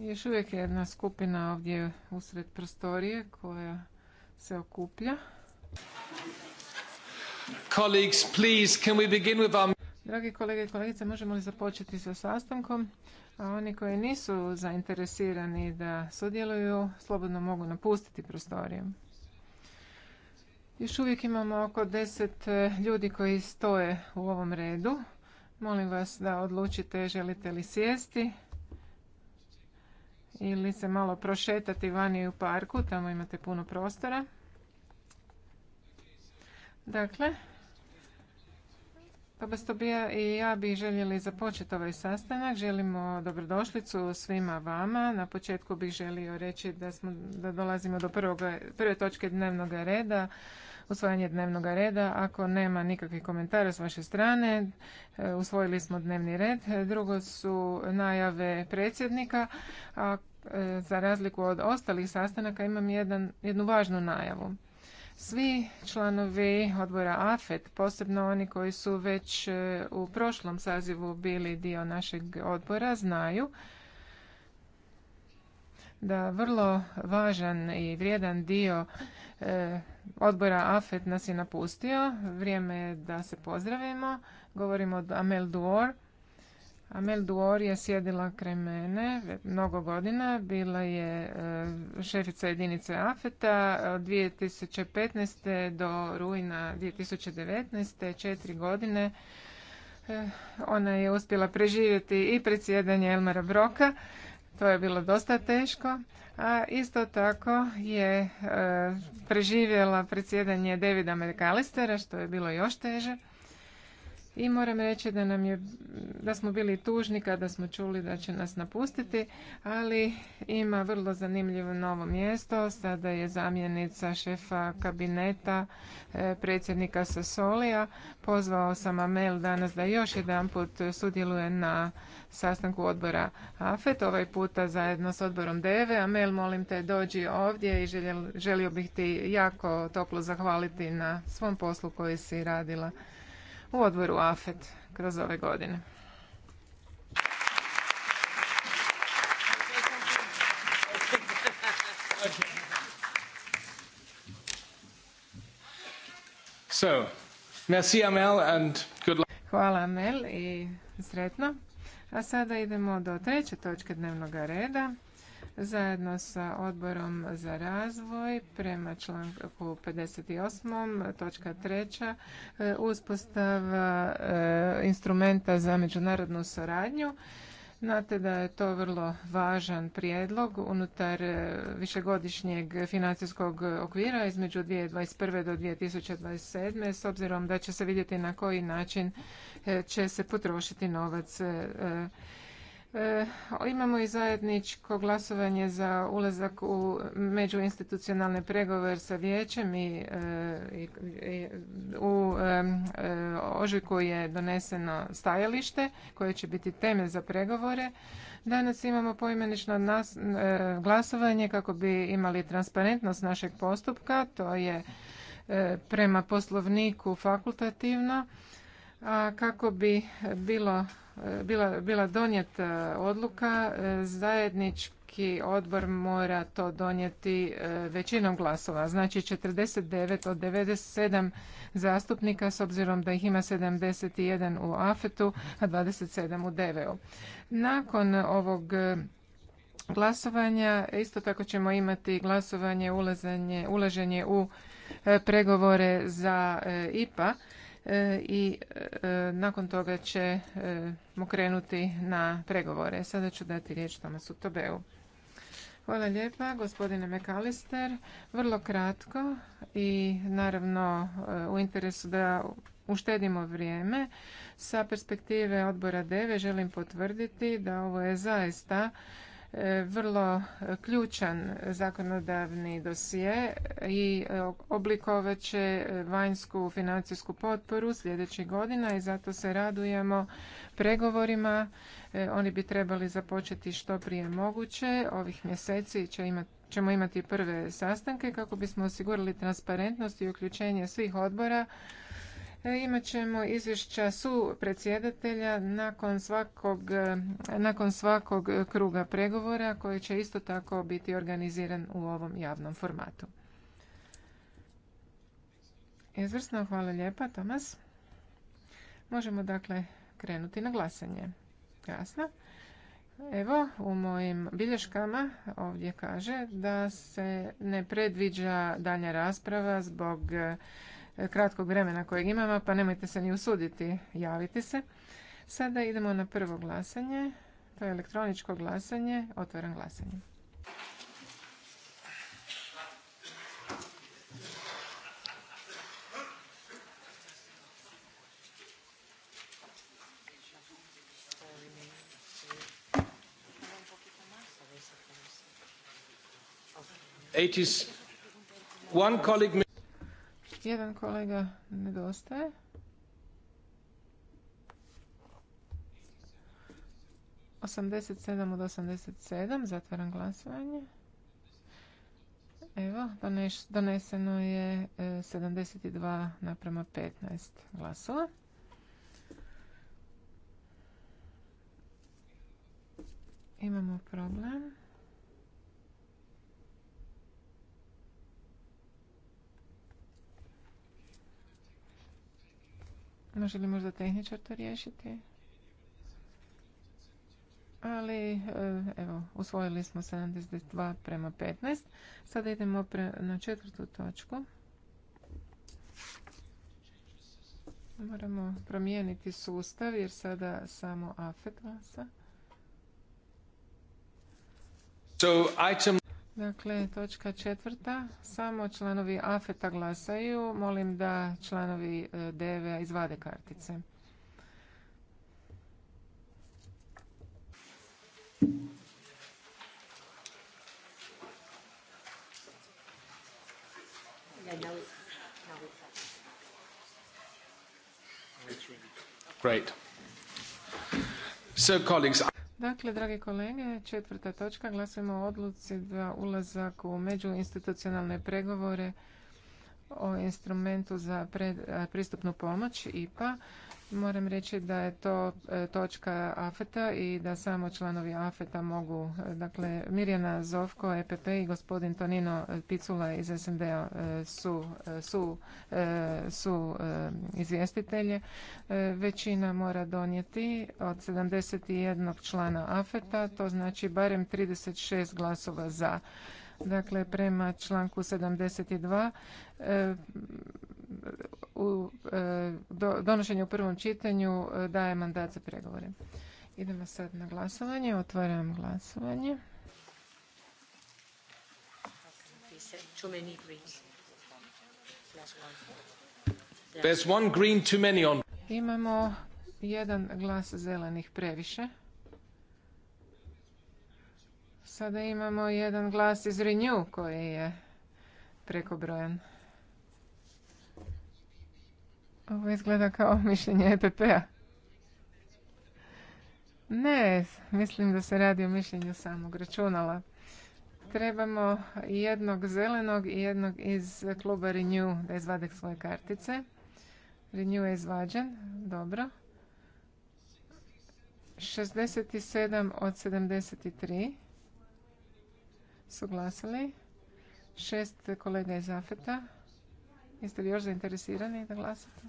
Još uvijek je jedna skupina ovdje usred prostorije koja se okuplja. Dragi kolege i kolegice, možemo li započeti sa sastankom? A oni koji nisu zainteresirani da sudjeluju, slobodno mogu napustiti prostoriju. Još uvijek imamo oko deset ljudi koji stoje u ovom redu. Molim vas da odlučite želite li sjesti ili se malo prošetati vani u parku, tamo imate puno prostora. Dakle, i ja bi željeli započeti ovaj sastanak. Želimo dobrodošlicu svima vama. Na početku bih želio reći da, smo, da dolazimo do prvog, prve točke dnevnog reda usvajanje dnevnog reda. Ako nema nikakvih komentara s vaše strane, e, usvojili smo dnevni red. Drugo su najave predsjednika, a e, za razliku od ostalih sastanaka imam jedan, jednu važnu najavu. Svi članovi odbora AFET, posebno oni koji su već e, u prošlom sazivu bili dio našeg odbora, znaju da vrlo važan i vrijedan dio E, odbora AFET nas je napustio. Vrijeme je da se pozdravimo. Govorimo o Amel Duor. Amel Duor je sjedila kraj mene mnogo godina. Bila je e, šefica jedinice AFETA od 2015. do rujna 2019. Četiri godine. E, ona je uspjela preživjeti i predsjedanje Elmara Broka to je bilo dosta teško, a isto tako je e, preživjela predsjedanje Davida McAllistera, što je bilo još teže i moram reći da nam je, da smo bili tužni kada smo čuli da će nas napustiti, ali ima vrlo zanimljivo novo mjesto. Sada je zamjenica šefa kabineta e, predsjednika Sasolija. Pozvao sam Amel danas da još jedanput sudjeluje na sastanku odbora AFET, ovaj puta zajedno s odborom DEVE. Amel, molim te, dođi ovdje i želio, želio bih ti jako toplo zahvaliti na svom poslu koji si radila u odboru AFET kroz ove godine. So, and good Hvala Amel i sretno. A sada idemo do treće točke dnevnog reda zajedno sa odborom za razvoj prema članku 58. točka 3. E, uspostava e, instrumenta za međunarodnu suradnju. Znate da je to vrlo važan prijedlog unutar e, višegodišnjeg financijskog okvira između 2021. do 2027. s obzirom da će se vidjeti na koji način će se potrošiti novac E, imamo i zajedničko glasovanje za ulazak u međuinstitucionalne pregovore sa vijećem i, e, u e, ožujku je doneseno stajalište koje će biti teme za pregovore. Danas imamo poimenično glasovanje kako bi imali transparentnost našeg postupka, to je prema poslovniku fakultativno a kako bi bilo, bila, bila donijeta e, odluka e, zajednički odbor mora to donijeti e, većinom glasova. Znači 49 od 97 zastupnika s obzirom da ih ima 71 u afetu u a 27 u deveu Nakon ovog glasovanja isto tako ćemo imati glasovanje ulaženje u pregovore za IPA E, i e, nakon toga ćemo e, krenuti na pregovore. Sada ću dati riječ Tomasu Tobeu. Hvala lijepa, gospodine McAllister. Vrlo kratko i naravno u interesu da uštedimo vrijeme. Sa perspektive odbora DEVE želim potvrditi da ovo je zaista E, vrlo e, ključan zakonodavni dosije i e, oblikovat će vanjsku financijsku potporu sljedećih godina i zato se radujemo pregovorima. Oni bi trebali započeti što prije moguće. Ovih mjeseci ćemo imati prve sastanke kako bismo osigurali transparentnost i uključenje svih odbora E, imat ćemo izvješća su predsjedatelja nakon svakog, e, nakon svakog kruga pregovora koji će isto tako biti organiziran u ovom javnom formatu. Izvrsno, hvala lijepa, Tomas. Možemo dakle krenuti na glasanje. Jasno. Evo, u mojim bilješkama ovdje kaže da se ne predviđa dalja rasprava zbog E, kratkog vremena kojeg imamo, pa nemojte se ni usuditi javiti se. Sada idemo na prvo glasanje. To je elektroničko glasanje. Otvaram glasanje. One jedan kolega nedostaje. Osamdeset sedam od osamdeset sedam. Zatvaram glasovanje. Evo, doneseno je 72 e, naprema 15 glasova. Imamo problem. Može li možda tehničar to riješiti? Ali, e, evo, usvojili smo 72 prema 15. Sada idemo na četvrtu točku. Moramo promijeniti sustav jer sada samo AFET glasa. So, item... Dakle, točka četvrta. Samo članovi AFETA glasaju. Molim da članovi e, DEVE-a izvade kartice. Great. So, colleagues, Dakle, dragi kolege, četvrta točka, glasujemo o odluci za ulazak u međuinstitucionalne pregovore o instrumentu za e, pristupnu pomoć IPA. Moram reći da je to e, točka AFETA i da samo članovi AFETA mogu, e, dakle Mirjana Zovko, EPP i gospodin Tonino Picula iz SND-a su, su, su izvjestitelje. Većina mora donijeti od 71 člana AFETA, to znači barem 36 glasova za. Dakle, prema članku 72 e, u e, donošenju u prvom čitanju e, daje mandat za pregovore. Idemo sad na glasovanje. Otvaram glasovanje. Imamo jedan glas zelenih previše. Sada imamo jedan glas iz Renew koji je prekobrojen. Ovo izgleda kao mišljenje EPP-a. Ne, mislim da se radi o mišljenju samog računala. Trebamo jednog zelenog i jednog iz kluba Renew da izvade svoje kartice. Renew je izvađen, dobro. 67 od 73 su Šest kolega iz AFETA. Jeste li još zainteresirani da glasate?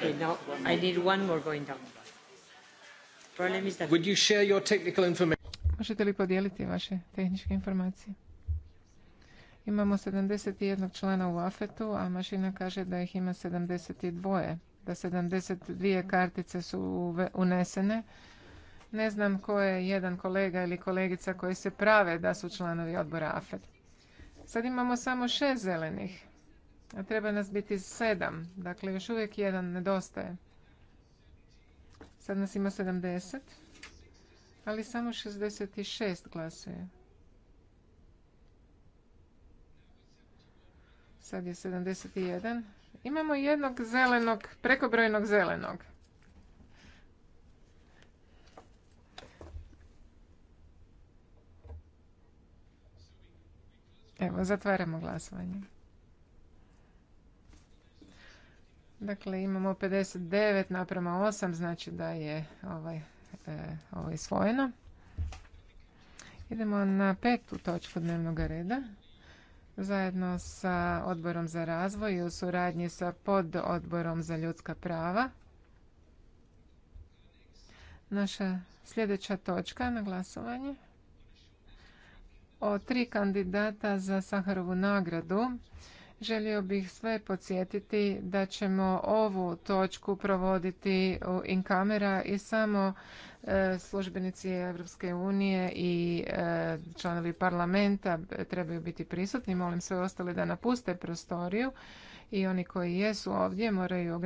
now I Možete li podijeliti vaše tehničke informacije? Imamo 71 člana u AFET-u, a mašina kaže da ih ima 72. Da 72 kartice su unesene. Ne znam ko je jedan kolega ili kolegica koji se prave da su članovi odbora AFET. Sad imamo samo šest zelenih, a treba nas biti sedam. Dakle, još uvijek jedan nedostaje. Sad nas ima 70, ali samo 66 glasuje. Sad je 71. Imamo jednog zelenog, prekobrojnog zelenog. Evo, zatvaramo glasovanje. Dakle, imamo 59 naprema 8, znači da je ovaj, e, ovo isvojeno. Idemo na petu točku dnevnog reda zajedno sa odborom za razvoj i u suradnji sa pododborom za ljudska prava. Naša sljedeća točka na glasovanje o tri kandidata za Saharovu nagradu Želio bih sve podsjetiti da ćemo ovu točku provoditi in kamera i samo e, službenici Evropske unije i e, članovi parlamenta trebaju biti prisutni. Molim sve ostale da napuste prostoriju i oni koji jesu ovdje moraju ograničiti